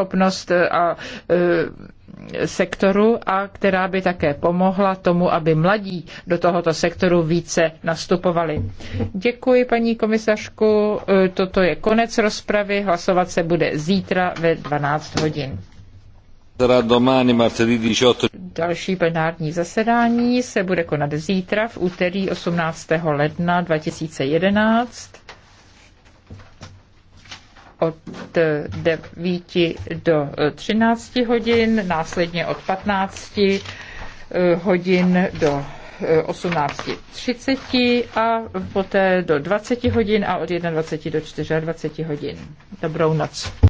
schopnost eh, a eh, sektoru a která by také pomohla tomu, aby mladí do tohoto sektoru více nastupovali. Děkuji, paní komisařku. Eh, toto je konec rozpravy. Hlasovat se bude zítra ve 12 hodin. Další plenární zasedání se bude konat zítra v úterý 18. ledna 2011 od od 9 do 13 eh, hodin, následně od 15 eh, hodin do 18.30 eh, a poté do 20 hodin a od 21 do 24 hodin. Dobrou noc.